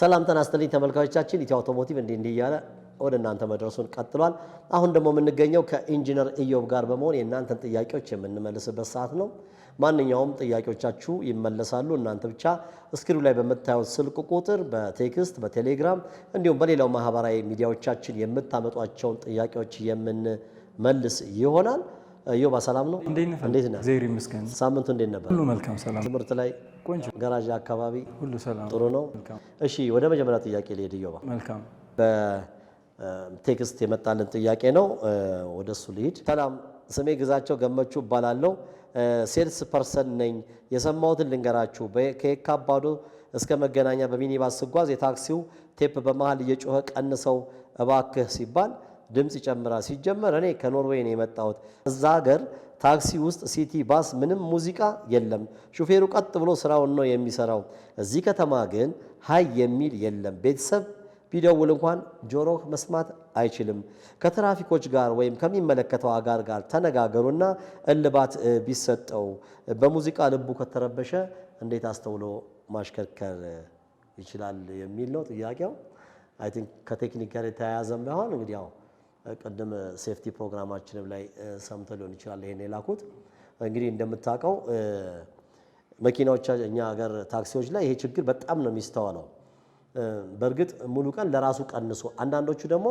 ሰላም ተናስተልኝ ተመልካቾቻችን። ኢትዮ አውቶሞቲቭ እንዲህ እንዲህ እያለ ወደ እናንተ መድረሱን ቀጥሏል። አሁን ደግሞ የምንገኘው ከኢንጂነር ኢዮብ ጋር በመሆን የእናንተን ጥያቄዎች የምንመልስበት ሰዓት ነው። ማንኛውም ጥያቄዎቻችሁ ይመለሳሉ። እናንተ ብቻ እስክሪኑ ላይ በምታዩት ስልክ ቁጥር በቴክስት በቴሌግራም እንዲሁም በሌላው ማህበራዊ ሚዲያዎቻችን የምታመጧቸውን ጥያቄዎች የምንመልስ ይሆናል። እዮ ሰላም ነው። እንዴት ነህ? ዜሪ ይመስገን። ሳምንቱ እንዴት ነበር? ሁሉ መልካም ሰላም። ትምህርት ላይ ቆንጆ፣ ገራዥ አካባቢ ሁሉ ሰላም፣ ጥሩ ነው። እሺ፣ ወደ መጀመሪያ ጥያቄ ልሄድ። እዮባ፣ መልካም በቴክስት የመጣልን ጥያቄ ነው። ወደ እሱ ልሂድ። ሰላም፣ ስሜ ግዛቸው ገመቹ እባላለሁ። ሴልስ ፐርሰን ነኝ። የሰማሁትን ልንገራችሁ። ከየካ አባዶ እስከ መገናኛ በሚኒባስ ስጓዝ የታክሲው ቴፕ በመሃል እየጮኸ ቀንሰው እባክህ ሲባል ድምፅ ይጨምራል። ሲጀመር እኔ ከኖርዌይ ነው የመጣሁት። እዛ ሀገር ታክሲ ውስጥ ሲቲ ባስ ምንም ሙዚቃ የለም። ሹፌሩ ቀጥ ብሎ ስራውን ነው የሚሰራው። እዚህ ከተማ ግን ሀይ የሚል የለም። ቤተሰብ ቢደውል እንኳን ጆሮህ መስማት አይችልም። ከትራፊኮች ጋር ወይም ከሚመለከተው አጋር ጋር ተነጋገሩና እልባት ቢሰጠው። በሙዚቃ ልቡ ከተረበሸ እንዴት አስተውሎ ማሽከርከር ይችላል የሚል ነው ጥያቄው። አይ ቲንክ ከቴክኒክ ጋር የተያያዘም ባይሆን እንግዲህ ያው ቅድም ሴፍቲ ፕሮግራማችንም ላይ ሰምተ ሊሆን ይችላል ይሄን የላኩት። እንግዲህ እንደምታውቀው መኪናዎች እኛ ሀገር ታክሲዎች ላይ ይሄ ችግር በጣም ነው የሚስተዋለው። በእርግጥ ሙሉ ቀን ለራሱ ቀንሶ፣ አንዳንዶቹ ደግሞ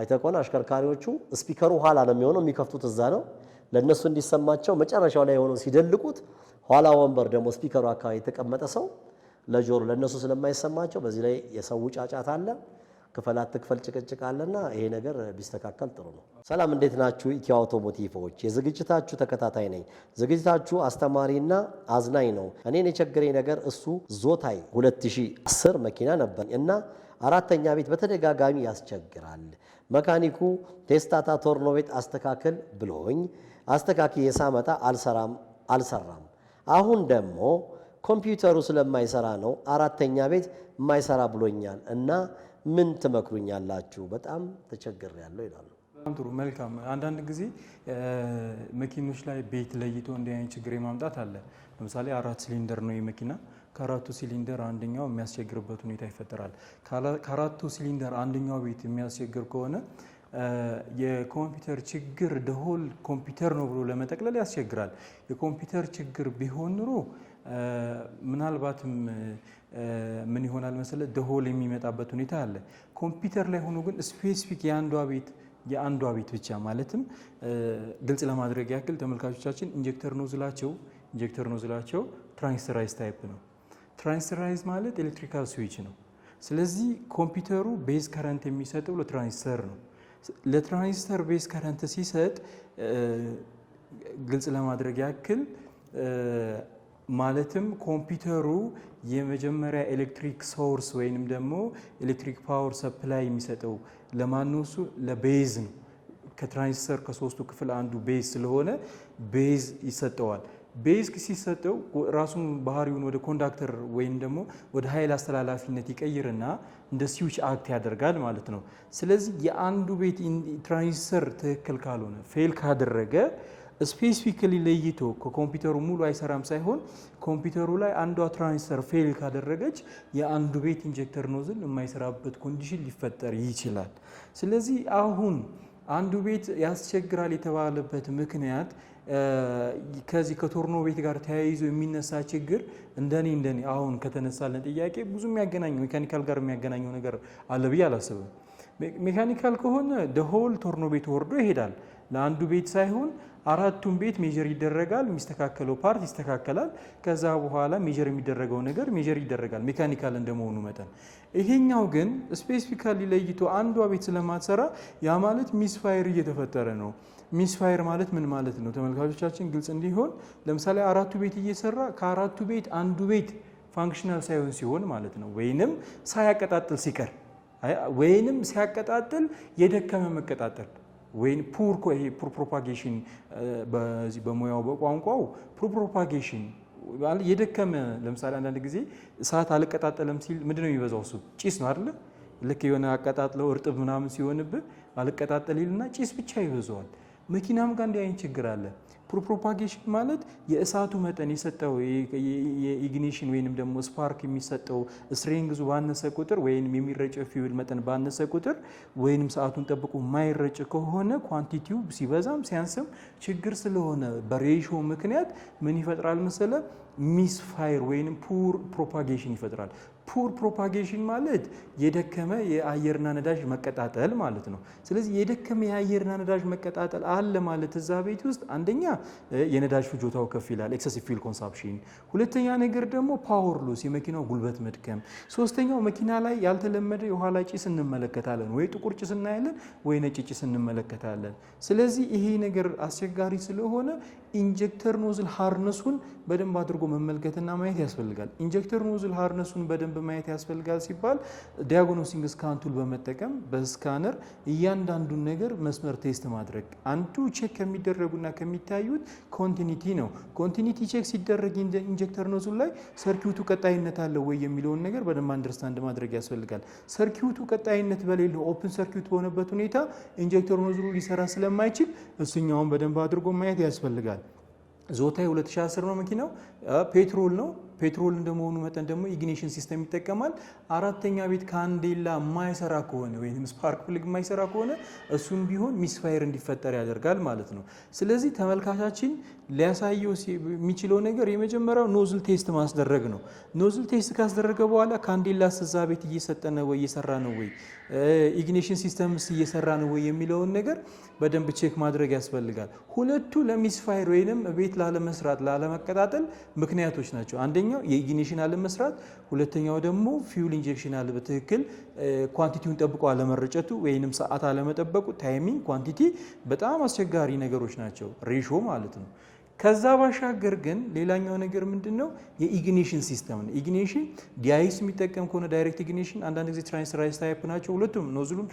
አይተህ አሽከርካሪዎቹ ስፒከሩ ኋላ ነው የሚሆነው፣ የሚከፍቱት እዛ ነው ለእነሱ እንዲሰማቸው መጨረሻው ላይ የሆነው ሲደልቁት፣ ኋላ ወንበር ደግሞ ስፒከሩ አካባቢ የተቀመጠ ሰው ለጆሮ ለእነሱ ስለማይሰማቸው በዚህ ላይ የሰው ጫጫት አለ። ክፈል አትክፈል ጭቅጭቅ አለና ይሄ ነገር ቢስተካከል ጥሩ ነው። ሰላም እንዴት ናችሁ? ኢኪ አውቶሞቲቮች የዝግጅታችሁ ተከታታይ ነኝ። ዝግጅታችሁ አስተማሪና አዝናኝ ነው። እኔን የቸገረኝ ነገር እሱ ዞታይ 2010 መኪና ነበር እና አራተኛ ቤት በተደጋጋሚ ያስቸግራል። መካኒኩ ቴስታታ ቶርኖ ቤት አስተካክል ብሎኝ አስተካክዬ ሳመጣ አልሰራም አልሰራም። አሁን ደግሞ ኮምፒውተሩ ስለማይሰራ ነው አራተኛ ቤት የማይሰራ ብሎኛል እና ምን ትመክሩኛላችሁ? በጣም ተቸግር ያለው ይላሉ። በጣም ጥሩ መልካም። አንዳንድ ጊዜ መኪኖች ላይ ቤት ለይቶ እንዲህ አይነት ችግር የማምጣት አለ። ለምሳሌ አራት ሲሊንደር ነው የመኪና ከአራቱ ሲሊንደር አንደኛው የሚያስቸግርበት ሁኔታ ይፈጠራል። ከአራቱ ሲሊንደር አንደኛው ቤት የሚያስቸግር ከሆነ የኮምፒውተር ችግር ደሆል ኮምፒውተር ነው ብሎ ለመጠቅለል ያስቸግራል። የኮምፒውተር ችግር ቢሆን ኑሮ ምናልባትም ምን ይሆናል መሰለ ደሆል የሚመጣበት ሁኔታ አለ። ኮምፒውተር ላይ ሆኖ ግን ስፔሲፊክ የአንዷ ቤት የአንዷ ቤት ብቻ ማለትም ግልጽ ለማድረግ ያክል ተመልካቾቻችን ኢንጀክተር ኖዝላቸው ኢንጀክተር ኖዝላቸው ትራንስተራይዝ ታይፕ ነው። ትራንስተራይዝ ማለት ኤሌክትሪካል ስዊች ነው። ስለዚህ ኮምፒውተሩ ቤዝ ከረንት የሚሰጠው ለትራንዚስተር ነው። ለትራንዚስተር ቤዝ ከረንት ሲሰጥ ግልጽ ለማድረግ ያክል ማለትም ኮምፒውተሩ የመጀመሪያ ኤሌክትሪክ ሶርስ ወይንም ደግሞ ኤሌክትሪክ ፓወር ሰፕላይ የሚሰጠው ለማነሱ ለቤዝ ነው። ከትራንዚስተር ከሶስቱ ክፍል አንዱ ቤዝ ስለሆነ ቤዝ ይሰጠዋል። ቤዝ ሲሰጠው ራሱን ባህሪውን ወደ ኮንዳክተር ወይም ደግሞ ወደ ኃይል አስተላላፊነት ይቀይርና እንደ ስዊች አክት ያደርጋል ማለት ነው። ስለዚህ የአንዱ ቤት ትራንዚስተር ትክክል ካልሆነ ፌል ካደረገ ስፔሲፊካሊ ለይቶ ከኮምፒውተሩ ሙሉ አይሰራም ሳይሆን ኮምፒውተሩ ላይ አንዷ ትራንስተር ፌል ካደረገች የአንዱ ቤት ኢንጀክተር ኖዝል የማይሰራበት ኮንዲሽን ሊፈጠር ይችላል። ስለዚህ አሁን አንዱ ቤት ያስቸግራል የተባለበት ምክንያት ከዚህ ከቶርኖ ቤት ጋር ተያይዞ የሚነሳ ችግር እንደኔ እንደኔ አሁን ከተነሳለን ጥያቄ ብዙ የሚያገናኘው ሜካኒካል ጋር የሚያገናኘው ነገር አለ ብዬ አላስብም። ሜካኒካል ከሆነ ደሆል ቶርኖ ቤት ወርዶ ይሄዳል ለአንዱ ቤት ሳይሆን አራቱን ቤት ሜጀር ይደረጋል። የሚስተካከለው ፓርት ይስተካከላል። ከዛ በኋላ ሜጀር የሚደረገው ነገር ሜጀር ይደረጋል፣ ሜካኒካል እንደመሆኑ መጠን። ይሄኛው ግን ስፔሲፊካሊ ለይቶ አንዷ ቤት ስለማትሰራ ያ ማለት ሚስፋየር እየተፈጠረ ነው። ሚስፋየር ማለት ምን ማለት ነው? ተመልካቾቻችን ግልጽ እንዲሆን ለምሳሌ አራቱ ቤት እየሰራ ከአራቱ ቤት አንዱ ቤት ፋንክሽናል ሳይሆን ሲሆን ማለት ነው፣ ወይንም ሳያቀጣጥል ሲቀር ወይንም ሲያቀጣጥል የደከመ መቀጣጠል ወይም ፑር ይሄ ፑር ፕሮፓጌሽን በዚህ በሙያው በቋንቋው ፑር ፕሮፓጌሽን የደከመ ለምሳሌ አንዳንድ ጊዜ እሳት አልቀጣጠለም ሲል ምንድን ነው የሚበዛው? እሱ ጭስ ነው አይደለ? ልክ የሆነ አቀጣጥለው እርጥብ ምናምን ሲሆንብህ አልቀጣጠል ይልና ጭስ ብቻ ይበዛዋል። መኪናም ጋር እንዲህ አይነት ችግር አለ። ፕሮፓጌሽን ማለት የእሳቱ መጠን የሰጠው የኢግኒሽን ወይንም ደግሞ ስፓርክ የሚሰጠው ስትሬንግዙ ባነሰ ቁጥር ወይንም የሚረጨው ፊውል መጠን ባነሰ ቁጥር ወይንም ሰዓቱን ጠብቆ የማይረጭ ከሆነ ኳንቲቲው ሲበዛም ሲያንስም ችግር ስለሆነ በሬሾ ምክንያት ምን ይፈጥራል መሰለ ሚስፋይር ወይንም ፑር ፕሮፓጌሽን ይፈጥራል። ፑር ፕሮፓጌሽን ማለት የደከመ የአየርና ነዳጅ መቀጣጠል ማለት ነው። ስለዚህ የደከመ የአየርና ነዳጅ መቀጣጠል አለ ማለት እዛ ቤት ውስጥ አንደኛ የነዳጅ ፍጆታው ከፍ ይላል፣ ኤክሰሲቭ ፊል ኮንሳፕሽን። ሁለተኛ ነገር ደግሞ ፓወር ሎስ፣ የመኪናው ጉልበት መድከም። ሶስተኛው መኪና ላይ ያልተለመደ የኋላ ጭስ እንመለከታለን፣ ወይ ጥቁር ጭስ እናያለን፣ ወይ ነጭ ጭስ እንመለከታለን። ስለዚህ ይሄ ነገር አስቸጋሪ ስለሆነ ኢንጀክተር ኖዝል ሃርነሱን በደንብ አድርጎ መመልከትና ማየት ያስፈልጋል። ኢንጀክተር ኖዝል ሃርነሱን በደንብ ማየት ያስፈልጋል ሲባል ዲያግኖሲንግ ስካን ቱል በመጠቀም በስካነር እያንዳንዱን ነገር መስመር ቴስት ማድረግ አንዱ ቼክ ከሚደረጉና ከሚታዩት ኮንቲኒቲ ነው። ኮንቲኒቲ ቼክ ሲደረግ ኢንጀክተር ኖዙ ላይ ሰርኪዩቱ ቀጣይነት አለው ወይ የሚለውን ነገር በደንብ አንደርስታንድ ማድረግ ያስፈልጋል። ሰርኪዩቱ ቀጣይነት በሌለው ኦፕን ሰርኪዩት በሆነበት ሁኔታ ኢንጀክተር ኖዙሉ ሊሰራ ስለማይችል እሱኛውን በደንብ አድርጎ ማየት ያስፈልጋል። ዞታ 2010 ነው መኪናው፣ ፔትሮል ነው ፔትሮል እንደመሆኑ መጠን ደግሞ ኢግኒሽን ሲስተም ይጠቀማል። አራተኛ ቤት ካንዴላ የማይሰራ ከሆነ ወይም ስፓርክ ፕልግ የማይሰራ ከሆነ እሱም ቢሆን ሚስፋየር እንዲፈጠር ያደርጋል ማለት ነው። ስለዚህ ተመልካቻችን ሊያሳየው የሚችለው ነገር የመጀመሪያው ኖዝል ቴስት ማስደረግ ነው። ኖዝል ቴስት ካስደረገ በኋላ ካንዴላ ስዛ ቤት እየሰጠ ነው ወይ እየሰራ ነው ወይ ኢግኒሽን ሲስተምስ እየሰራ ነው ወይ የሚለውን ነገር በደንብ ቼክ ማድረግ ያስፈልጋል። ሁለቱ ለሚስፋየር ወይንም ቤት ላለመስራት ላለመቀጣጠል ምክንያቶች ናቸው። አንደኛ አንደኛው የኢግኒሽናል መስራት፣ ሁለተኛው ደግሞ ፊውል አለ በትክክል ኳንቲቲውን ጠብቆ አለመረጨቱ ወይንም ሰዓት አለመጠበቁ፣ ታይሚንግ፣ ኳንቲቲ በጣም አስቸጋሪ ነገሮች ናቸው፣ ሬሾ ማለት ነው። ከዛ ባሻገር ግን ሌላኛው ነገር ምንድን ነው? የኢግኒሽን ሲስተም ነው። ኢግኒሽን ዲያይስ የሚጠቀም ከሆነ ዳይሬክት ኢግኒሽን፣ አንዳንድ ጊዜ ትራንስራይዝ ታይፕ ናቸው ሁለቱም። ኖዝሉም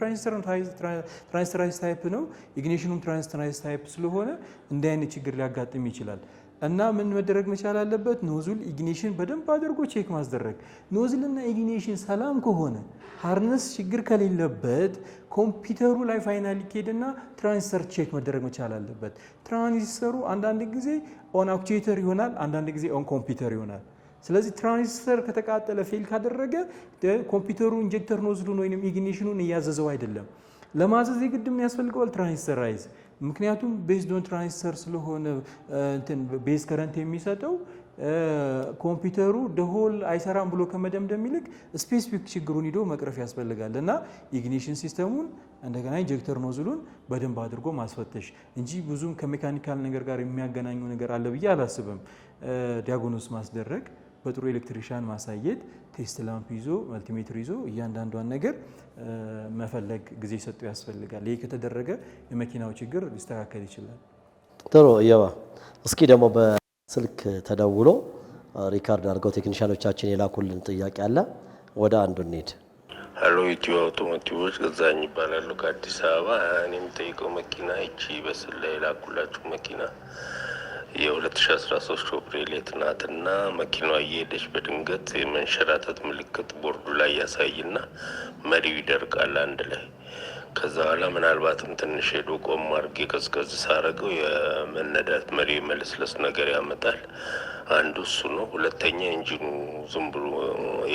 ትራንስራይዝ ታይፕ ነው፣ ኢግኒሽኑም ትራንስተራይዝ ታይፕ ስለሆነ እንዲህ አይነት ችግር ሊያጋጥም ይችላል። እና ምን መደረግ መቻል አለበት? ኖዝል ኢግኒሽን በደንብ አድርጎ ቼክ ማስደረግ። ኖዝልና ኢግኒሽን ሰላም ከሆነ ሃርነስ ችግር ከሌለበት ኮምፒውተሩ ላይ ፋይናል ሊኬድና ትራንዚስተር ቼክ መደረግ መቻል አለበት። ትራንዚስተሩ አንዳንድ ጊዜ ኦን አክቹዌተር ይሆናል፣ አንዳንድ ጊዜ ኦን ኮምፒውተር ይሆናል። ስለዚህ ትራንዚስተር ከተቃጠለ ፌል ካደረገ ኮምፒውተሩ ኢንጀክተር ኖዝሉን ወይም ኢግኒሽኑን እያዘዘው አይደለም። ለማዘዝ የግድ የሚያስፈልገዋል ያስፈልገዋል? ትራንዚስተራይዝ ምክንያቱም ቤዝድ ኦን ትራንዚስተር ስለሆነ ቤዝ ከረንት የሚሰጠው ኮምፒውተሩ ደሆል አይሰራም ብሎ ከመደምደም ይልቅ ስፔሲፊክ ችግሩን ሂዶ መቅረፍ ያስፈልጋል እና ኢግኒሽን ሲስተሙን እንደገና ኢንጀክተር ኖዝሉን በደንብ አድርጎ ማስፈተሽ እንጂ ብዙም ከሜካኒካል ነገር ጋር የሚያገናኙ ነገር አለ ብዬ አላስብም። ዲያጎኖስ ማስደረግ በጥሩ ኤሌክትሪሻን ማሳየት፣ ቴስት ላምፕ ይዞ መልቲሜትር ይዞ እያንዳንዷን ነገር መፈለግ ጊዜ ሰጡ ያስፈልጋል። ይህ ከተደረገ የመኪናው ችግር ሊስተካከል ይችላል። ጥሩ እየባ እስኪ ደግሞ በስልክ ተደውሎ ሪካርድ አድርገው ቴክኒሻኖቻችን የላኩልን ጥያቄ አለ። ወደ አንዱ ኔድ ሀሎ ኢትዮ አውቶሞቲቮች ገዛኝ ይባላሉ ከአዲስ አበባ። እኔ የምጠይቀው መኪና ይቺ በስል ላይ የላኩላችሁ መኪና የ2013 ሾፌር ሌት ናትና መኪናዋ እየሄደች በድንገት የመንሸራተት ምልክት ቦርዱ ላይ ያሳይና መሪው ይደርቃል አንድ ላይ። ከዛ በኋላ ምናልባትም ትንሽ ሄዶ ቆም አድርጌ ቀዝቀዝ ሳረገው የመነዳት መሪ መለስለስ ነገር ያመጣል። አንዱ እሱ ነው። ሁለተኛ ኢንጂኑ ዝም ብሎ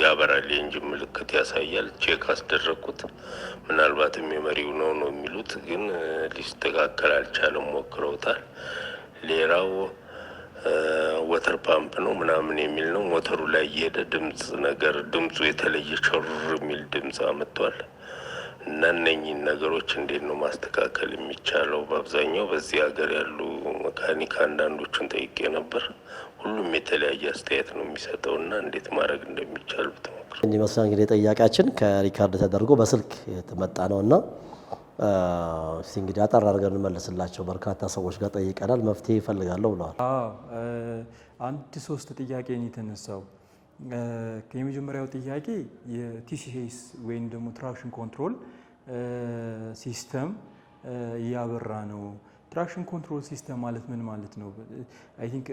ያበራል፣ የኢንጂን ምልክት ያሳያል። ቼክ አስደረግኩት። ምናልባትም የመሪው ነው ነው የሚሉት ግን ሊስተካከል አልቻለም። ሞክረውታል። ሌላው ወተር ፓምፕ ነው ምናምን የሚል ነው። ሞተሩ ላይ እየሄደ ድምፅ ነገር ድምፁ የተለየ ቸር የሚል ድምፅ አመጥቷል። እና እነኚህን ነገሮች እንዴት ነው ማስተካከል የሚቻለው? በአብዛኛው በዚህ ሀገር ያሉ መካኒክ አንዳንዶቹን ጠይቄ ነበር። ሁሉም የተለያየ አስተያየት ነው የሚሰጠው እና እንዴት ማድረግ እንደሚቻል ብትሞክር እንጂ እንግዲህ ጠያቂያችን ከሪካርድ ተደርጎ በስልክ የተመጣ ነው እና እስቲ እንግዲህ አጠር አድርገን እንመልስላቸው። በርካታ ሰዎች ጋር ጠይቀናል፣ መፍትሄ ይፈልጋለሁ ብለዋል። አንድ ሶስት ጥያቄ ነው የተነሳው። የመጀመሪያው ጥያቄ የቲሲኤስ ወይም ደግሞ ትራክሽን ኮንትሮል ሲስተም እያበራ ነው። ትራክሽን ኮንትሮል ሲስተም ማለት ምን ማለት ነው? አይ ቲንክ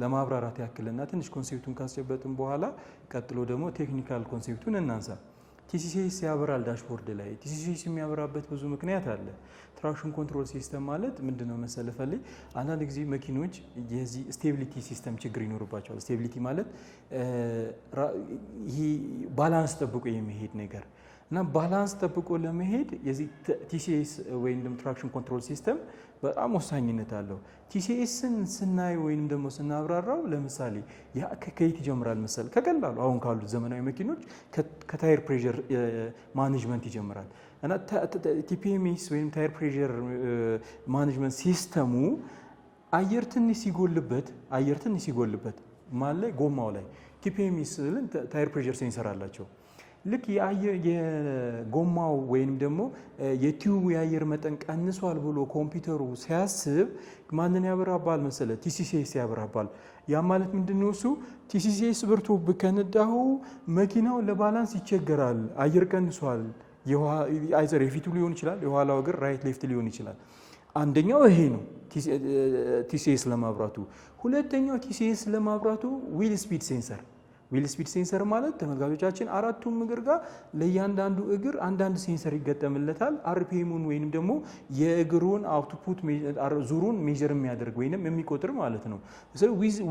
ለማብራራት ያክልና ትንሽ ኮንሴፕቱን ካስጨበጥን በኋላ ቀጥሎ ደግሞ ቴክኒካል ኮንሴፕቱን እናንሳ። ቲሲሲኤስ ያበራል ዳሽቦርድ ላይ። ቲሲሲኤስ የሚያበራበት ብዙ ምክንያት አለ። ትራክሽን ኮንትሮል ሲስተም ማለት ምንድነው መሰለ ፈሌ አንዳንድ ጊዜ መኪኖች የዚህ ስቴቢሊቲ ሲስተም ችግር ይኖርባቸዋል። ስቴቢሊቲ ማለት ይሄ ባላንስ ጠብቆ የሚሄድ ነገር እና ባላንስ ጠብቆ ለመሄድ የዚህ ቲሲኤስ ወይም ትራክሽን ኮንትሮል ሲስተም በጣም ወሳኝነት አለው። ቲሲኤስን ስናይ ወይም ደግሞ ስናብራራው ለምሳሌ ከየት ይጀምራል መሰል? ከቀላሉ አሁን ካሉት ዘመናዊ መኪኖች ከታይር ፕሬዠር ማኔጅመንት ይጀምራል እና ቲፒኤምኤስ ወይም ታይር ፕሬዠር ማኔጅመንት ሲስተሙ አየር ትንሽ ሲጎልበት አየር ትንሽ ሲጎልበት ማለ ጎማው ላይ ቲፒኤምኤስ ታይር ፕሬዠር ሴንሰር አላቸው ልክ የጎማው ወይም ደግሞ የቲዩቡ የአየር መጠን ቀንሷል ብሎ ኮምፒውተሩ ሲያስብ ማንን ያበራባል መሰለ? ቲሲሲኤስ ያበራባል። ያ ማለት ምንድን ነው? እሱ ቲሲሲኤስ በርቶ ከነዳሁ መኪናው ለባላንስ ይቸገራል። አየር ቀንሷል። አይዘር የፊቱ ሊሆን ይችላል፣ የኋላው እግር ራይት ሌፍት ሊሆን ይችላል። አንደኛው ይሄ ነው ቲሲስ ለማብራቱ። ሁለተኛው ቲሲኤስ ለማብራቱ ዊል ስፒድ ሴንሰር ዊል ስፒድ ሴንሰር ማለት ተመልካቾቻችን አራቱም እግር ጋር ለእያንዳንዱ እግር አንዳንድ ሴንሰር ይገጠምለታል። አርፒኤሙን ወይንም ደግሞ የእግሩን አውትፑት ዙሩን ሜዥር የሚያደርግ ወይንም የሚቆጥር ማለት ነው።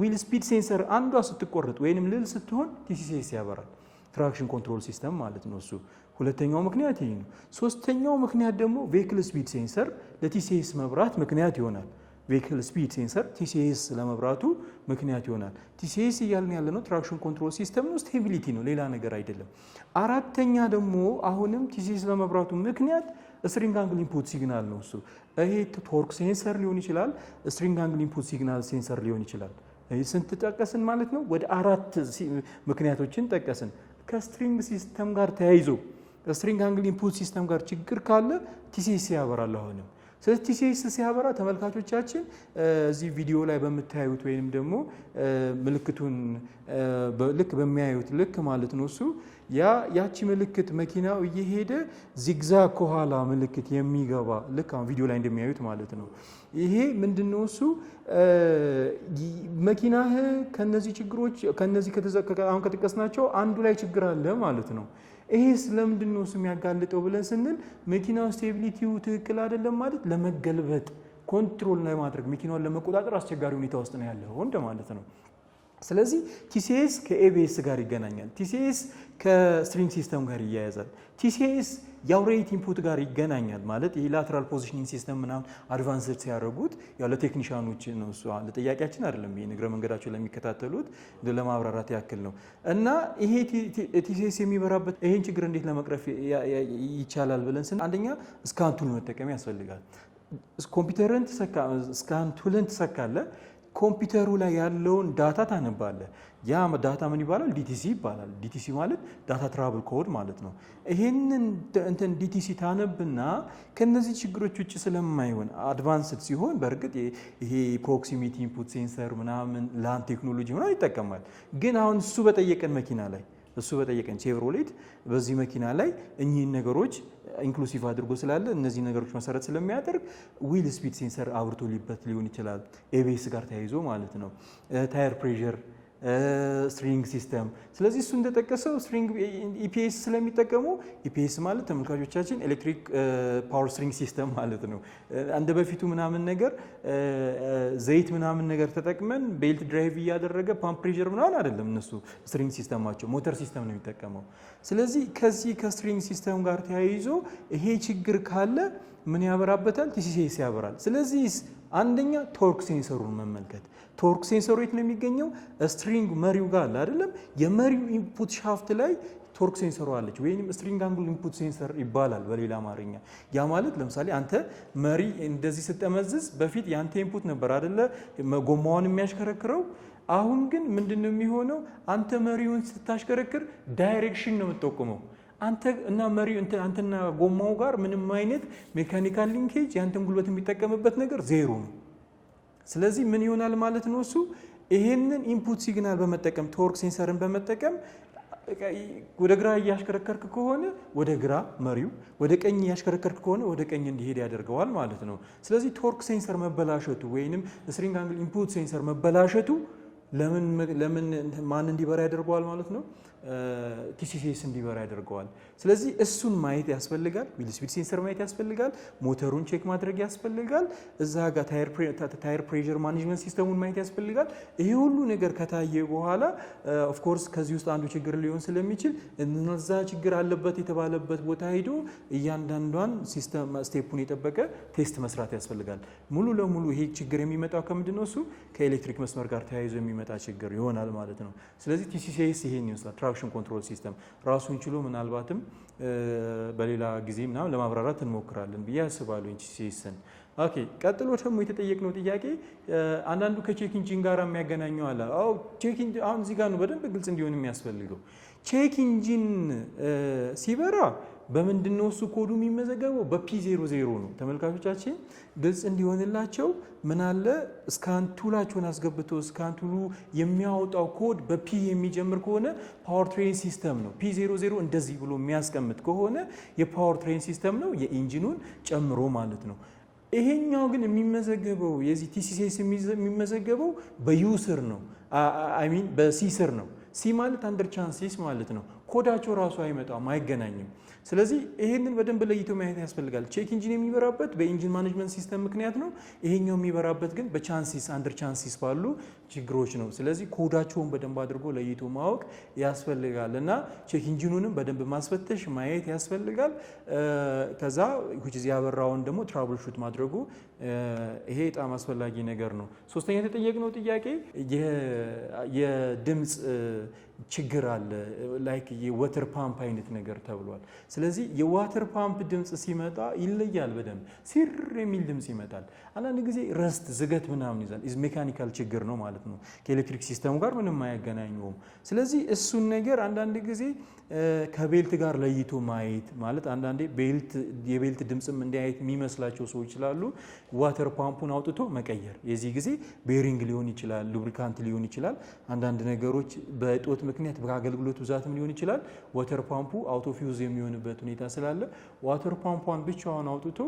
ዊል ስፒድ ሴንሰር አንዷ ስትቆርጥ ወይንም ልል ስትሆን ቲሲሲስ ያበራል። ትራክሽን ኮንትሮል ሲስተም ማለት ነው እሱ። ሁለተኛው ምክንያት ይህ ነው። ሶስተኛው ምክንያት ደግሞ ቬክል ስፒድ ሴንሰር ለቲሲኤስ መብራት ምክንያት ይሆናል። ቬክል ስፒድ ሴንሰር ቲሲኤስ ለመብራቱ ምክንያት ይሆናል። ቲሲኤስ እያልን ያለ ነው ትራክሽን ኮንትሮል ሲስተም ነው፣ ስቴቢሊቲ ነው፣ ሌላ ነገር አይደለም። አራተኛ ደግሞ አሁንም ቲሲኤስ ለመብራቱ ምክንያት ስትሪንግ አንግል ኢንፑት ሲግናል ነው። እሱ ይሄ ቶርክ ሴንሰር ሊሆን ይችላል፣ ስትሪንግ አንግል ኢንፑት ሲግናል ሴንሰር ሊሆን ይችላል። ስንት ጠቀስን ማለት ነው? ወደ አራት ምክንያቶችን ጠቀስን። ከስትሪንግ ሲስተም ጋር ተያይዞ ከስትሪንግ አንግል ኢንፑት ሲስተም ጋር ችግር ካለ ቲሲኤስ ያበራል አሁንም ስለዚህ ሲያበራ ተመልካቾቻችን እዚህ ቪዲዮ ላይ በምታዩት ወይንም ደግሞ ምልክቱን ልክ በሚያዩት ልክ ማለት ነው እሱ ያ ያቺ ምልክት መኪናው እየሄደ ዚግዛግ ከኋላ ምልክት የሚገባ ልክ አሁን ቪዲዮ ላይ እንደሚያዩት ማለት ነው። ይሄ ምንድን ነው እሱ መኪናህ ከነዚህ ችግሮች ከነዚህ አሁን ከጠቀስናቸው አንዱ ላይ ችግር አለ ማለት ነው። ይሄ ስለምንድን ነው የሚያጋልጠው ብለን ስንል መኪናው ስቴቢሊቲው ትክክል አይደለም ማለት ለመገልበጥ ኮንትሮል ለማድረግ መኪናውን ለመቆጣጠር አስቸጋሪ ሁኔታ ውስጥ ነው ያለው እንደማለት ነው። ስለዚህ ቲሲኤስ ከኤቢኤስ ጋር ይገናኛል። ቲሲኤስ ከስትሪንግ ሲስተም ጋር ይያያዛል። ቲሲኤስ የአውሬት ኢንፑት ጋር ይገናኛል ማለት ይህ ላትራል ፖዚሽኒንግ ሲስተም ምናምን አድቫንስድ ሲያደርጉት ያው ለቴክኒሻኖች ነው እሱ ለጥያቄያችን አይደለም። ይህ እግረ መንገዳቸው ለሚከታተሉት ለማብራራት ያክል ነው። እና ይሄ ቲሲኤስ የሚበራበት ይሄን ችግር እንዴት ለመቅረፍ ይቻላል ብለን ስን አንደኛ ስካን ቱል መጠቀም ያስፈልጋል። ኮምፒውተርን ስካን ቱልን ትሰካለ። ኮምፒውተሩ ላይ ያለውን ዳታ ታነባለ ያ ዳታ ምን ይባላል? ዲቲሲ ይባላል። ዲቲሲ ማለት ዳታ ትራብል ኮድ ማለት ነው። ይሄንን እንትን ዲቲሲ ታነብና ከነዚህ ችግሮች ውጭ ስለማይሆን አድቫንስድ ሲሆን በእርግጥ ይሄ ፕሮክሲሚቲ ኢንፑት ሴንሰር ምናምን ላን ቴክኖሎጂ ምናምን ይጠቀማል። ግን አሁን እሱ በጠየቀን መኪና ላይ እሱ በጠየቀን ቼቭሮሌት በዚህ መኪና ላይ እኚህን ነገሮች ኢንክሉሲቭ አድርጎ ስላለ እነዚህ ነገሮች መሰረት ስለሚያደርግ ዊል ስፒድ ሴንሰር ሊበት ሊሆን ይችላል። ኤቤስ ጋር ተያይዞ ማለት ነው ታየር ፕሬዠር ስትሪንግ ሲስተም። ስለዚህ እሱ እንደጠቀሰው ስትሪንግ ኢፒኤስ ስለሚጠቀሙ ኢፒኤስ ማለት ተመልካቾቻችን ኤሌክትሪክ ፓወር ስትሪንግ ሲስተም ማለት ነው። እንደ በፊቱ ምናምን ነገር ዘይት ምናምን ነገር ተጠቅመን ቤልት ድራይቭ እያደረገ ፓምፕ ፕሬዠር ምናምን አይደለም። እነሱ ስትሪንግ ሲስተማቸው ሞተር ሲስተም ነው የሚጠቀመው። ስለዚህ ከዚህ ከስትሪንግ ሲስተም ጋር ተያይዞ ይሄ ችግር ካለ ምን ያበራበታል? ቲሲኤስ ያበራል። ስለዚህ አንደኛ ቶርክ ሴንሰሩን መመልከት። ቶርክ ሴንሰሩ የት ነው የሚገኘው? ስትሪንግ መሪው ጋር አለ አይደለም? የመሪው ኢንፑት ሻፍት ላይ ቶርክ ሴንሰሩ አለች፣ ወይም ስትሪንግ አንግል ኢንፑት ሴንሰር ይባላል በሌላ አማርኛ። ያ ማለት ለምሳሌ አንተ መሪ እንደዚህ ስጠመዝዝ በፊት የአንተ ኢንፑት ነበር አደለ ጎማዋን የሚያሽከረክረው። አሁን ግን ምንድን ነው የሚሆነው? አንተ መሪውን ስታሽከረክር ዳይሬክሽን ነው የምትጠቁመው አንተ እና መሪው አንተና ጎማው ጋር ምንም አይነት ሜካኒካል ሊንኬጅ ያንተን ጉልበት የሚጠቀምበት ነገር ዜሮ ነው። ስለዚህ ምን ይሆናል ማለት ነው? እሱ ይሄንን ኢንፑት ሲግናል በመጠቀም ቶርክ ሴንሰርን በመጠቀም ወደ ግራ እያሽከረከርክ ከሆነ ወደ ግራ መሪው፣ ወደ ቀኝ እያሽከረከርክ ከሆነ ወደ ቀኝ እንዲሄድ ያደርገዋል ማለት ነው። ስለዚህ ቶርክ ሴንሰር መበላሸቱ ወይንም ስሪንግ አንግል ኢንፑት ሴንሰር መበላሸቱ ለምን ማን እንዲበራ ያደርገዋል ማለት ነው? ቲሲሲስ እንዲበራ ያደርገዋል። ስለዚህ እሱን ማየት ያስፈልጋል። ዊል ስፒድ ሴንሰር ማየት ያስፈልጋል። ሞተሩን ቼክ ማድረግ ያስፈልጋል። እዛ ጋር ታየር ፕሬዠር ማኔጅመንት ሲስተሙን ማየት ያስፈልጋል። ይሄ ሁሉ ነገር ከታየ በኋላ ኦፍኮርስ ከዚህ ውስጥ አንዱ ችግር ሊሆን ስለሚችል እነዛ ችግር አለበት የተባለበት ቦታ ሄዶ እያንዳንዷን ሲስተም ስቴፑን የጠበቀ ቴስት መስራት ያስፈልጋል። ሙሉ ለሙሉ ይሄ ችግር የሚመጣው ከምንድን ነው? እሱ ከኤሌክትሪክ መስመር ጋር ተያይዞ የሚ የሚመጣ ችግር ይሆናል ማለት ነው። ስለዚህ ቲሲሲስ ይሄን ይመስላል። ትራክሽን ኮንትሮል ሲስተም ራሱን ችሎ ምናልባትም በሌላ ጊዜ ምናምን ለማብራራት እንሞክራለን ብዬ አስባለሁ ቲሲኤስን። ኦኬ ቀጥሎ ደግሞ የተጠየቅነው ጥያቄ አንዳንዱ ከቼክ ኢንጂን ጋር የሚያገናኘው አለ። አዎ ቼክ ኢንጂን አሁን እዚህ ጋር ነው በደንብ ግልጽ እንዲሆን የሚያስፈልገው ቼክ ኢንጂን ሲበራ በምንድን ነው እሱ ኮዱ የሚመዘገበው? በፒ ዜሮ ዜሮ ነው። ተመልካቾቻችን ግልጽ እንዲሆንላቸው ምን አለ እስካን ቱላቸውን አስገብቶ እስካን ቱሉ የሚያወጣው ኮድ በፒ የሚጀምር ከሆነ ፓወር ትሬን ሲስተም ነው። ፒ ዜሮ ዜሮ እንደዚህ ብሎ የሚያስቀምጥ ከሆነ የፓወር ትሬን ሲስተም ነው፣ የኢንጂኑን ጨምሮ ማለት ነው። ይሄኛው ግን የሚመዘገበው የዚህ ቲሲሴስ የሚመዘገበው በዩ ስር ነው፣ አይ ሚን በሲ ስር ነው። ሲ ማለት አንደር ቻንሲስ ማለት ነው። ኮዳቸው ራሱ አይመጣም፣ አይገናኝም። ስለዚህ ይሄንን በደንብ ለይቶ ማየት ያስፈልጋል። ቼክ ኢንጂን የሚበራበት በኢንጂን ማኔጅመንት ሲስተም ምክንያት ነው። ይሄኛው የሚበራበት ግን በቻንሲስ አንደር ቻንሲስ ባሉ ችግሮች ነው። ስለዚህ ኮዳቸውን በደንብ አድርጎ ለይቶ ማወቅ ያስፈልጋል እና ቼክ ኢንጂኑንም በደንብ ማስፈተሽ ማየት ያስፈልጋል። ከዛ ሁጭ ያበራውን ደግሞ ትራብል ሹት ማድረጉ ይሄ በጣም አስፈላጊ ነገር ነው። ሶስተኛ የተጠየቅነው ጥያቄ የድምፅ ችግር አለ ላይክ የወተር ፓምፕ አይነት ነገር ተብሏል። ስለዚህ የዋተር ፓምፕ ድምፅ ሲመጣ ይለያል። በደንብ ሲር የሚል ድምፅ ይመጣል። አንዳንድ ጊዜ ረስት ዝገት ምናምን ይዛል። ኢዝ ሜካኒካል ችግር ነው ማለት ነው። ከኤሌክትሪክ ሲስተሙ ጋር ምንም አያገናኘውም። ስለዚህ እሱን ነገር አንዳንድ ጊዜ ከቤልት ጋር ለይቶ ማየት ማለት አንዳንዴ ቤልት የቤልት ድምፅም እንዲያየት የሚመስላቸው ሰዎች ይችላሉ። ዋተር ፓምፑን አውጥቶ መቀየር። የዚህ ጊዜ ቤሪንግ ሊሆን ይችላል፣ ሉብሪካንት ሊሆን ይችላል። አንዳንድ ነገሮች በእጦት ምክንያት በአገልግሎት ብዛትም ሊሆን ይችላል። ዋተር ፓምፑ አውቶ ፊውዝ የሚሆን የሚሆንበት ሁኔታ ስላለ ዋተር ፓምፓን ብቻዋን አውጥቶ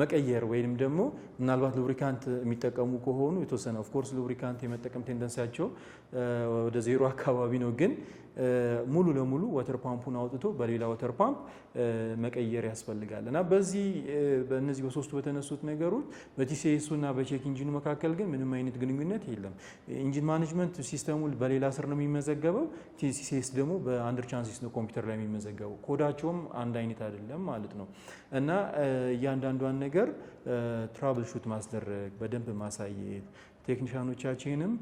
መቀየር ወይም ደግሞ ምናልባት ሉብሪካንት የሚጠቀሙ ከሆኑ የተወሰነ ኦፍኮርስ ሉብሪካንት የመጠቀም ቴንደንሲያቸው ወደ ዜሮ አካባቢ ነው ግን ሙሉ ለሙሉ ወተር ፓምፑን አውጥቶ በሌላ ወተር ፓምፕ መቀየር ያስፈልጋል እና በዚህ በእነዚህ በሶስቱ በተነሱት ነገሮች በቲሲኤሱ እና በቼክ ኢንጂኑ መካከል ግን ምንም አይነት ግንኙነት የለም። ኢንጂን ማኔጅመንት ሲስተሙ በሌላ ስር ነው የሚመዘገበው። ቲሲኤስ ደግሞ በአንድር ቻንሲስ ነው ኮምፒውተር ላይ የሚመዘገበው። ኮዳቸውም አንድ አይነት አይደለም ማለት ነው እና እያንዳንዷን ነገር ትራብል ሹት ማስደረግ በደንብ ማሳየት ቴክኒሻኖቻችንም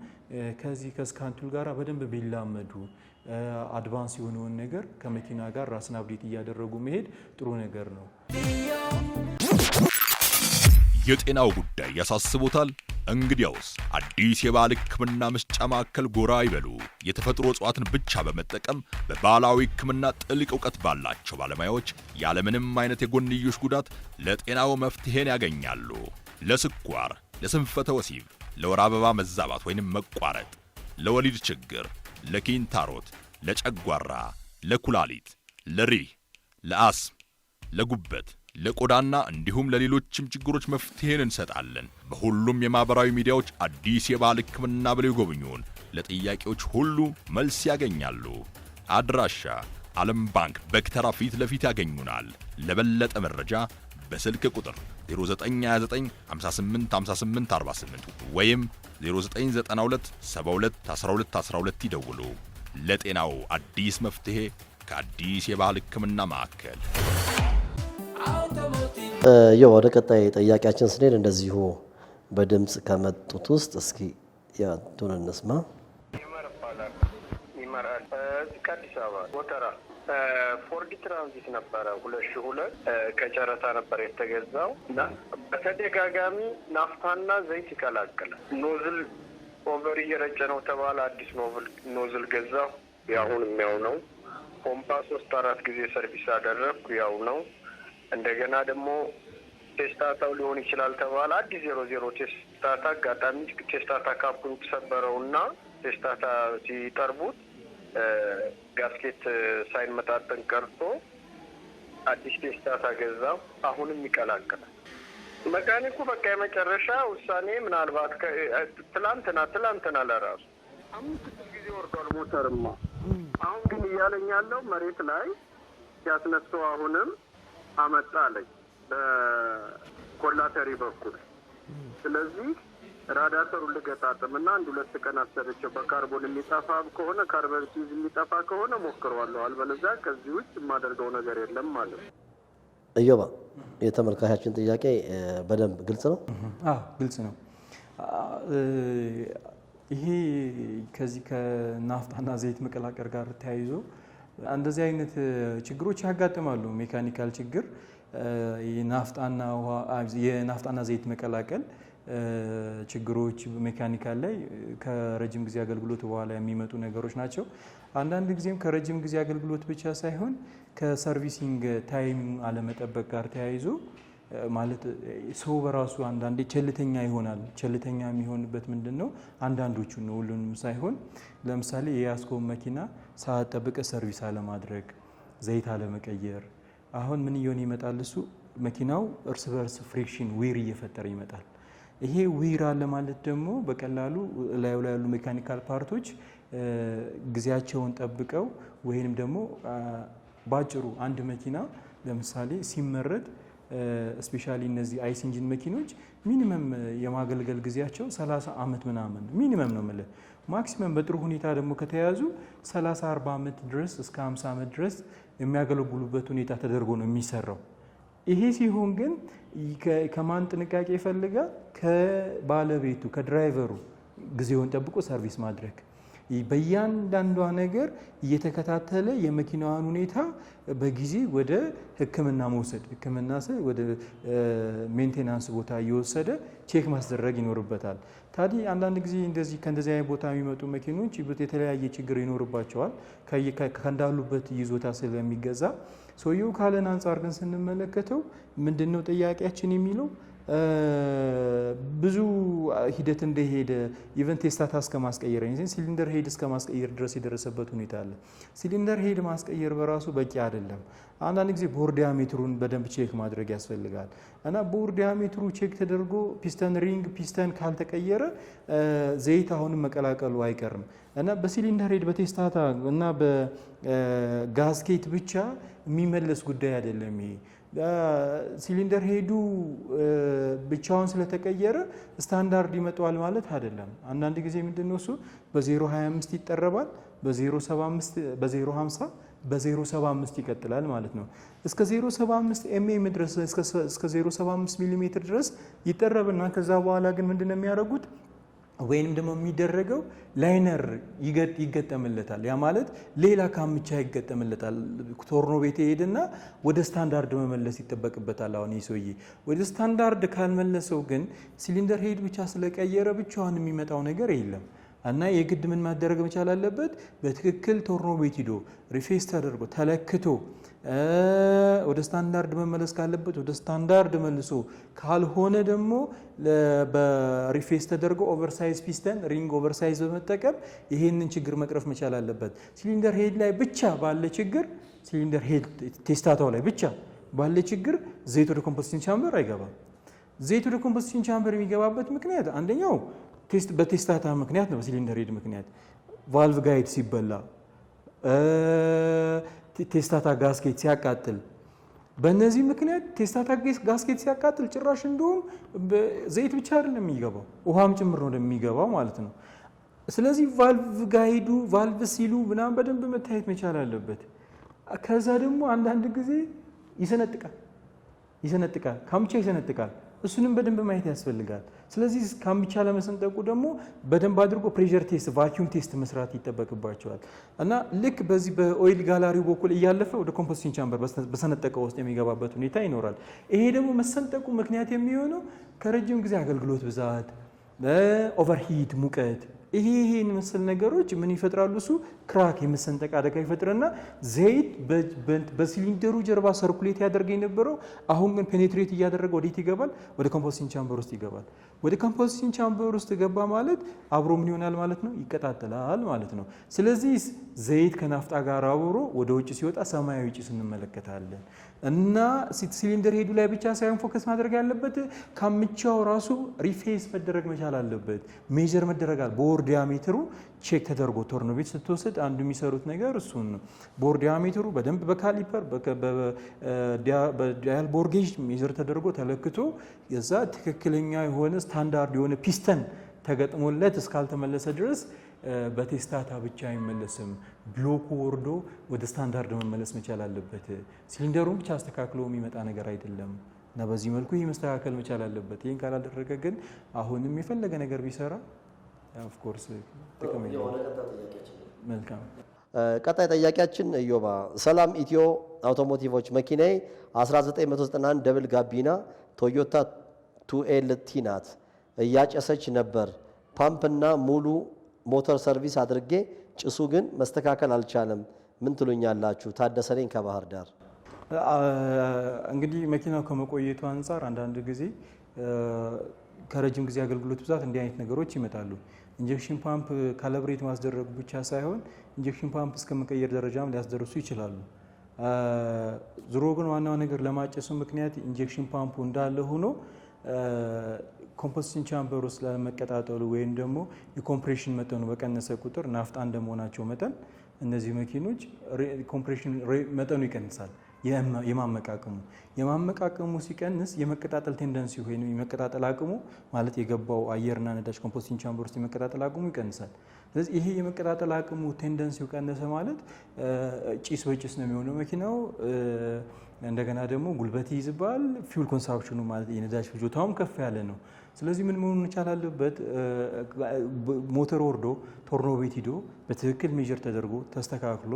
ከዚህ ከስካንቱል ጋር በደንብ ቢላመዱ አድቫንስ የሆነውን ነገር ከመኪና ጋር ራስን አብዴት እያደረጉ መሄድ ጥሩ ነገር ነው። የጤናው ጉዳይ ያሳስቦታል? እንግዲያውስ አዲስ የባህል ሕክምና መስጫ ማዕከል ጎራ ይበሉ። የተፈጥሮ እጽዋትን ብቻ በመጠቀም በባህላዊ ሕክምና ጥልቅ እውቀት ባላቸው ባለሙያዎች ያለምንም አይነት የጎንዮሽ ጉዳት ለጤናው መፍትሄን ያገኛሉ። ለስኳር፣ ለስንፈተ ወሲብ፣ ለወር አበባ መዛባት ወይንም መቋረጥ፣ ለወሊድ ችግር ለኪንታሮት፣ ለጨጓራ፣ ለኩላሊት፣ ለሪህ፣ ለአስም፣ ለጉበት፣ ለቆዳና እንዲሁም ለሌሎችም ችግሮች መፍትሄን እንሰጣለን። በሁሉም የማህበራዊ ሚዲያዎች አዲስ የባህል ሕክምና ብለው ይጎብኙን። ለጥያቄዎች ሁሉ መልስ ያገኛሉ። አድራሻ ዓለም ባንክ በክተራ ፊት ለፊት ያገኙናል። ለበለጠ መረጃ በስልክ ቁጥር 0929585848 ወይም 0992721212 ይደውሉ። ለጤናው አዲስ መፍትሄ ከአዲስ የባህል ሕክምና ማዕከል። ያው ወደ ቀጣይ ጠያቂያችን ስንሄድ እንደዚሁ በድምፅ ከመጡት ውስጥ እስኪ ያቱን እንስማ። ይመር ይባላል። ከአዲስ አበባ ወተራ ፎርድ ትራንዚት ነበረ ሁለት ሺ ሁለት ከጨረታ ነበር የተገዛው እና በተደጋጋሚ ናፍታና ዘይት ይቀላቅላል። ኖዝል ኦቨር እየረጨ ነው ተባለ። አዲስ ኖዝል ገዛሁ። የአሁን የሚያው ነው። ፖምፓ ሶስት አራት ጊዜ ሰርቪስ አደረግኩ። ያው ነው። እንደገና ደግሞ ቴስታታው ሊሆን ይችላል ተባለ። አዲስ ዜሮ ዜሮ ቴስታታ አጋጣሚ ቴስታታ ካፑን ሰበረውና ቴስታታ ሲጠርቡት ጋስኬት ሳይመጣጠን ቀርቶ አዲስ ደስታ ሳገዛ አሁንም ይቀላቅላል። መካኒኩ በቃ የመጨረሻ ውሳኔ ምናልባት ትላንትና ትላንትና ለራሱ አምስት ጊዜ ወርዷል ሞተርማ። አሁን ግን እያለኝ ያለው መሬት ላይ ሲያስነሳው አሁንም አመጣ አለኝ በኮላተሪ በኩል ስለዚህ ራዳተሩ ልገጣጥም እና አንድ ሁለት ቀን አሰረቸው በካርቦን የሚጠፋ ከሆነ ካርበን የሚጠፋ ከሆነ ሞክረዋለሁ። አልበለዚያ ከዚህ ውጭ የማደርገው ነገር የለም ማለት ነው። እዮባ የተመልካቻችን ጥያቄ በደንብ ግልጽ ነው። ግልጽ ነው። ይሄ ከዚህ ከናፍጣና ዘይት መቀላቀር ጋር ተያይዞ እንደዚህ አይነት ችግሮች ያጋጥማሉ። ሜካኒካል ችግር የናፍጣና ዘይት መቀላቀል ችግሮች ሜካኒካል ላይ ከረጅም ጊዜ አገልግሎት በኋላ የሚመጡ ነገሮች ናቸው። አንዳንድ ጊዜም ከረጅም ጊዜ አገልግሎት ብቻ ሳይሆን ከሰርቪሲንግ ታይም አለመጠበቅ ጋር ተያይዞ ማለት ሰው በራሱ አንዳንዴ ቸልተኛ ይሆናል። ቸልተኛ የሚሆንበት ምንድን ነው? አንዳንዶቹ ነው፣ ሁሉንም ሳይሆን። ለምሳሌ የያዝከውን መኪና ሳጠብቀ ሰርቪስ አለማድረግ፣ ዘይት አለመቀየር። አሁን ምን እየሆነ ይመጣል? እሱ መኪናው እርስ በርስ ፍሪክሽን ዊር እየፈጠረ ይመጣል። ይሄ ዊር አለ ማለት ደግሞ በቀላሉ ላዩ ላይ ያሉ ሜካኒካል ፓርቶች ጊዜያቸውን ጠብቀው ወይንም ደግሞ ባጭሩ አንድ መኪና ለምሳሌ ሲመረጥ ስፔሻሊ እነዚህ አይስ ኢንጂን መኪኖች ሚኒመም የማገልገል ጊዜያቸው 30 ዓመት ምናምን ሚኒመም ነው የምልህ። ማክሲመም በጥሩ ሁኔታ ደግሞ ከተያዙ 30 40 ዓመት ድረስ እስከ 50 ዓመት ድረስ የሚያገለግሉበት ሁኔታ ተደርጎ ነው የሚሰራው። ይሄ ሲሆን ግን ከማን ጥንቃቄ ይፈልጋል? ከባለቤቱ ከድራይቨሩ ጊዜውን ጠብቆ ሰርቪስ ማድረግ በእያንዳንዷ ነገር እየተከታተለ የመኪናዋን ሁኔታ በጊዜ ወደ ሕክምና መውሰድ ሕክምና ወደ ሜንቴናንስ ቦታ እየወሰደ ቼክ ማስደረግ ይኖርበታል። ታዲያ አንዳንድ ጊዜ እንደዚህ ከእንደዚህ አይነት ቦታ የሚመጡ መኪኖች የተለያየ ችግር ይኖርባቸዋል። ከእንዳሉበት ይዞታ ስለሚገዛ ሰውየው ካለን አንጻር ግን ስንመለከተው ምንድን ነው ጥያቄያችን የሚለው ብዙ ሂደት እንደሄደ ኢቨን ቴስታታ እስከ ማስቀየር ሲሊንደር ሄድ እስከ ማስቀየር ድረስ የደረሰበት ሁኔታ አለ። ሲሊንደር ሄድ ማስቀየር በራሱ በቂ አይደለም። አንዳንድ ጊዜ ቦር ዲያሜትሩን በደንብ ቼክ ማድረግ ያስፈልጋል እና ቦር ዲያሜትሩ ቼክ ተደርጎ ፒስተን ሪንግ ፒስተን ካልተቀየረ ዘይት አሁንም መቀላቀሉ አይቀርም እና በሲሊንደር ሄድ በቴስታታ እና በጋዝኬት ብቻ የሚመለስ ጉዳይ አይደለም። ይሄ ሲሊንደር ሄዱ ብቻውን ስለተቀየረ ስታንዳርድ ይመጣዋል ማለት አይደለም። አንዳንድ ጊዜ ምንድን ነው እሱ በ025 ይጠረባል፣ በ050 በ075 ይቀጥላል ማለት ነው። እስከ 075 ኤምኤም ድረስ እስከ 075 ሚሊሜትር ድረስ ይጠረብና ከዛ በኋላ ግን ምንድን ነው የሚያደርጉት ወይንም ደግሞ የሚደረገው ላይነር ይገጠምለታል። ያ ማለት ሌላ ካምቻ ይገጠምለታል። ቶርኖ ቤት ይሄድና ወደ ስታንዳርድ መመለስ ይጠበቅበታል። አሁን ሰውዬ ወደ ስታንዳርድ ካልመለሰው ግን ሲሊንደር ሄድ ብቻ ስለቀየረ ብቻውን የሚመጣው ነገር የለም እና የግድ ምን ማደረግ መቻል አለበት? በትክክል ቶርኖ ቤት ሂዶ ሪፌስ ተደርጎ ተለክቶ ወደ ስታንዳርድ መመለስ ካለበት ወደ ስታንዳርድ መልሶ፣ ካልሆነ ደግሞ በሪፌስ ተደርጎ ኦቨርሳይዝ ፒስተን ሪንግ ኦቨርሳይዝ በመጠቀም ይሄንን ችግር መቅረፍ መቻል አለበት። ሲሊንደር ሄድ ላይ ብቻ ባለ ችግር ሲሊንደር ሄድ ቴስታታው ላይ ብቻ ባለ ችግር ዘይት ወደ ኮምፖስቲን ቻምበር አይገባም። ዘይት ወደ ኮምፖስቲን ቻምበር የሚገባበት ምክንያት አንደኛው በቴስታታ ምክንያት ነው፣ በሲሊንደር ሄድ ምክንያት ቫልቭ ጋይድ ሲበላ ቴስታታ ጋስኬት ሲያቃጥል በእነዚህ ምክንያት ቴስታታ ጋስኬት ሲያቃጥል ጭራሽ እንደውም ዘይት ብቻ አይደለም የሚገባው ውሃም ጭምር ነው እንደሚገባው ማለት ነው። ስለዚህ ቫልቭ ጋይዱ ቫልቭ ሲሉ ምናምን በደንብ መታየት መቻል አለበት። ከዛ ደግሞ አንዳንድ ጊዜ ይሰነጥቃል ይሰነጥቃል ካምቻ ይሰነጥቃል። እሱንም በደንብ ማየት ያስፈልጋል። ስለዚህ ካምብቻ ለመሰንጠቁ ደግሞ በደንብ አድርጎ ፕሬሸር ቴስት፣ ቫኪዩም ቴስት መስራት ይጠበቅባቸዋል እና ልክ በዚህ በኦይል ጋላሪው በኩል እያለፈ ወደ ኮምፖስቲንግ ቻምበር በሰነጠቀ ውስጥ የሚገባበት ሁኔታ ይኖራል። ይሄ ደግሞ መሰንጠቁ ምክንያት የሚሆነው ከረጅም ጊዜ አገልግሎት ብዛት፣ ኦቨርሂት ሙቀት ይሄ ይሄን መሰል ነገሮች ምን ይፈጥራሉ? እሱ ክራክ የመሰንጠቅ አደጋ ይፈጥርና ዘይት በሲሊንደሩ ጀርባ ሰርኩሌት ያደርገ የነበረው አሁን ግን ፔኔትሬት እያደረገ ወዴት ይገባል? ወደ ኮምፖስቲንግ ቻምበር ውስጥ ይገባል። ወደ ኮምፖስቲንግ ቻምበር ውስጥ ገባ ማለት አብሮ ምን ይሆናል ማለት ነው? ይቀጣጠላል ማለት ነው። ስለዚህ ዘይት ከናፍጣ ጋር አብሮ ወደ ውጭ ሲወጣ ሰማያዊ ጭስ እንመለከታለን። እና ሲሊንደር ሄዱ ላይ ብቻ ሳይሆን ፎከስ ማድረግ ያለበት ካምቻው ራሱ ሪፌስ መደረግ መቻል አለበት። ሜጀር መደረግ አለ። ቦር ዲያሜትሩ ቼክ ተደርጎ ቶርኖ ቤት ስትወስድ አንዱ የሚሰሩት ነገር እሱን ነው። ቦር ዲያሜትሩ በደንብ በካሊፐር በዳያል ቦርጌጅ ሜር ሜጀር ተደርጎ ተለክቶ የዛ ትክክለኛ የሆነ ስታንዳርድ የሆነ ፒስተን ተገጥሞለት እስካልተመለሰ ድረስ በቴስታታ ብቻ አይመለስም። ብሎኩ ወርዶ ወደ ስታንዳርድ መመለስ መቻል አለበት። ሲሊንደሩን ብቻ አስተካክሎ የሚመጣ ነገር አይደለም እና በዚህ መልኩ ይህ መስተካከል መቻል አለበት። ይህን ካላደረገ ግን አሁንም የፈለገ ነገር ቢሰራ ኦፍኮርስ ጥቅም መልካም። ቀጣይ ጥያቄያችን እዮባ ሰላም ኢትዮ አውቶሞቲቮች መኪናዬ 1991 ደብል ጋቢና ቶዮታ ቱኤልቲ ናት። እያጨሰች ነበር ፓምፕና ሙሉ ሞተር ሰርቪስ አድርጌ ጭሱ ግን መስተካከል አልቻለም። ምን ትሉኛላችሁ? ታደሰ ከባህር ዳር። እንግዲህ መኪናው ከመቆየቱ አንጻር አንዳንድ ጊዜ ከረጅም ጊዜ አገልግሎት ብዛት እንዲህ አይነት ነገሮች ይመጣሉ። ኢንጀክሽን ፓምፕ ካለብሬት ማስደረጉ ብቻ ሳይሆን ኢንጀክሽን ፓምፕ እስከ መቀየር ደረጃም ሊያስደርሱ ይችላሉ። ዙሮ ግን ዋናው ነገር ለማጨሱ ምክንያት ኢንጀክሽን ፓምፑ እንዳለ ሆኖ ኮምፖስቲን ቻምበር ውስጥ ለመቀጣጠሉ ወይም ደግሞ የኮምፕሬሽን መጠኑ በቀነሰ ቁጥር ናፍጣ እንደመሆናቸው መጠን እነዚህ መኪኖች ኮምፕሬሽን መጠኑ ይቀንሳል። የማመቃቀሙ የማመቃቀሙ ሲቀንስ የመቀጣጠል ቴንደንሲ ወይም የመቀጣጠል አቅሙ ማለት የገባው አየርና ነዳጅ ኮምፖስቲን ቻምበር ውስጥ የመቀጣጠል አቅሙ ይቀንሳል። ስለዚህ ይሄ የመቀጣጠል አቅሙ ቴንደንሲው ቀነሰ ማለት ጭስ በጭስ ነው የሚሆነው መኪናው። እንደገና ደግሞ ጉልበት ይይዝባል። ፊውል ኮንሳፕሽኑ ማለት የነዳጅ ፍጆታውም ከፍ ያለ ነው። ስለዚህ ምን መሆኑን እንቻላለበት ሞተር ወርዶ ቶርኖ ቤት ሂዶ በትክክል ሜጀር ተደርጎ ተስተካክሎ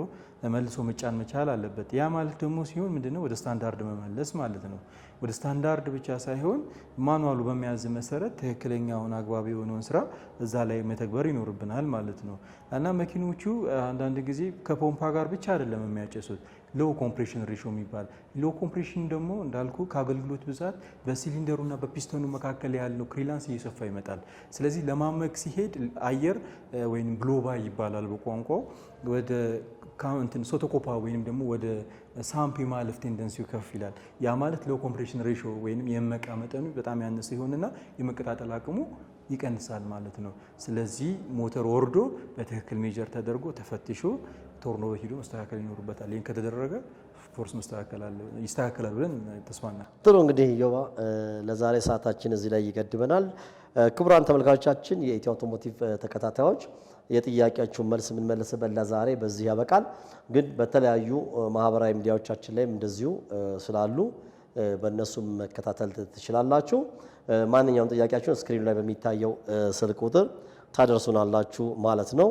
መልሶ መጫን መቻል አለበት። ያ ማለት ደግሞ ሲሆን ምንድነው ወደ ስታንዳርድ መመለስ ማለት ነው። ወደ ስታንዳርድ ብቻ ሳይሆን ማኑዋሉ በሚያዝ መሰረት ትክክለኛውን አግባብ የሆነውን ስራ እዛ ላይ መተግበር ይኖርብናል ማለት ነው እና መኪኖቹ አንዳንድ ጊዜ ከፖምፓ ጋር ብቻ አይደለም የሚያጨሱት ሎው ኮምፕሬሽን ሬሾ የሚባል ሎው ኮምፕሬሽን ደግሞ እንዳልኩ ከአገልግሎት ብዛት በሲሊንደሩና በፒስተኑ መካከል ያለው ክሪላንስ እየሰፋ ይመጣል። ስለዚህ ለማመቅ ሲሄድ አየር ወይም ብሎባ ይባላል በቋንቋው ወደ እንትን ሶቶኮፓ ወይም ደግሞ ወደ ሳምፕ የማለፍ ቴንደንሲው ከፍ ይላል። ያ ማለት ሎው ኮምፕሬሽን ሬሾ ወይም የመቃ መጠኑ በጣም ያነሰ ይሆንና የመቀጣጠል አቅሙ ይቀንሳል ማለት ነው። ስለዚህ ሞተር ወርዶ በትክክል ሜጀር ተደርጎ ተፈትሾ ቶርኖሮች ሂዶ መስተካከል ይኖሩበታል። ይህን ከተደረገ ፎርስ ይስተካከላል ብለን ተስፋና ጥሩ እንግዲህ ዮባ ለዛሬ ሰዓታችን እዚህ ላይ ይገድበናል። ክቡራን ተመልካቾቻችን፣ የኢትዮ አውቶሞቲቭ ተከታታዮች የጥያቄያችሁን መልስ የምንመልስበት ለዛሬ በዚህ ያበቃል። ግን በተለያዩ ማህበራዊ ሚዲያዎቻችን ላይም እንደዚሁ ስላሉ በእነሱም መከታተል ትችላላችሁ። ማንኛውም ጥያቄያችሁን ስክሪኑ ላይ በሚታየው ስልክ ቁጥር ታደርሱናላችሁ ማለት ነው።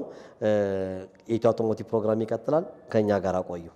የኢትዮ አውቶሞቲቭ ፕሮግራም ይቀጥላል። ከእኛ ጋር ቆዩ።